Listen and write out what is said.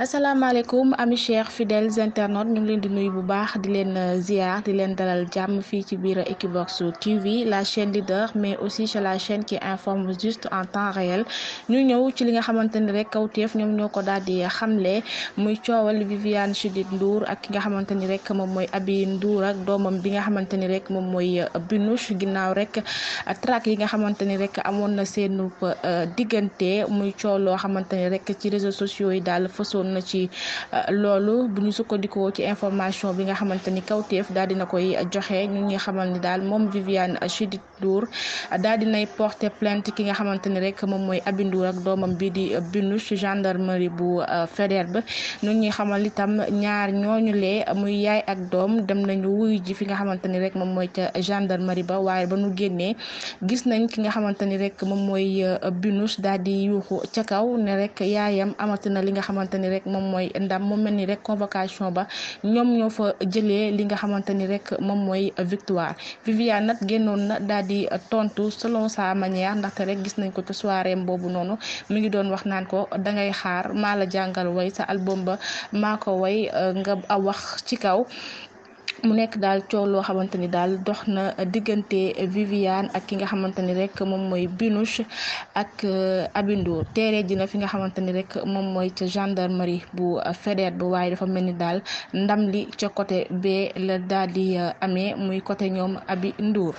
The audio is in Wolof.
asalaamaaleykum ami chers fidèles internautes ñu ngi leen di nuyu bu baax di leen euh, ziar di leen dalal jàmm fii ci biir Equivox TV la chaîne leader mais aussi c'est la chaîne qui informe juste en temps réel ñu ñëw ci li nga xamante ni rek kawteef ñoom ñoo ko daal di xamle muy coowal Viviane Chidid nduur ak ki nga xamante ni rek moom mooy Aby Ndour ak doomam bi nga xamante ni rek moom mooy euh, Binouche ginnaaw rek euh, track yi nga xamante ni rek amoon na seen diggante muy coow loo xamante ni rek ci réseaux sociaux yi daal gisoon na ci euh, loolu bu ñu sukkandikoo ci information bi nga xamante ni kawteef daal dina koy joxe ñu ngi xamal ni daal moom Viviane Chidid Ndour ni rek moom mooy Aby Ndour ak doomam bi di bindu ci bu euh, Faidherbe ñu ngi xamal itam ñaar ñooñu lee muy yaay ak doom dem nañu wuyu ji fi nga xamante ni rek moom mooy ca gendarmerie ba waaye ba nu génnee gis nañ ki nga xamante ni rek moom mooy euh, binus daal di yuuxu ca kaw ne rek yaayam amati li nga xamante rek moom mooy ndam moom mel ni rek convocation ba ñoom ñoo fa jëlee li nga xamante ni rek moom mooy victoire Viviane nag génnoon na daal di tontu selon sa manière ndaxte rek gis nañ ko ci soirée boobu noonu mi ngi doon wax naan ko dangay xaar maa la jàngal woy sa album ba maa ko way euh, nga wax ci kaw. mu nekk daal coow loo xamante ni daal dox na diggante Viviane ak ki nga xamante ni rek moom mooy Binouche ak euh, Abindour teere ji na fi nga xamante ni rek moom mooy ca gendarmerie bu Faidherbe bu waaye dafa mel ni daal ndam li ca côté bee la daal di euh, amee muy côté ñoom Abi Ndour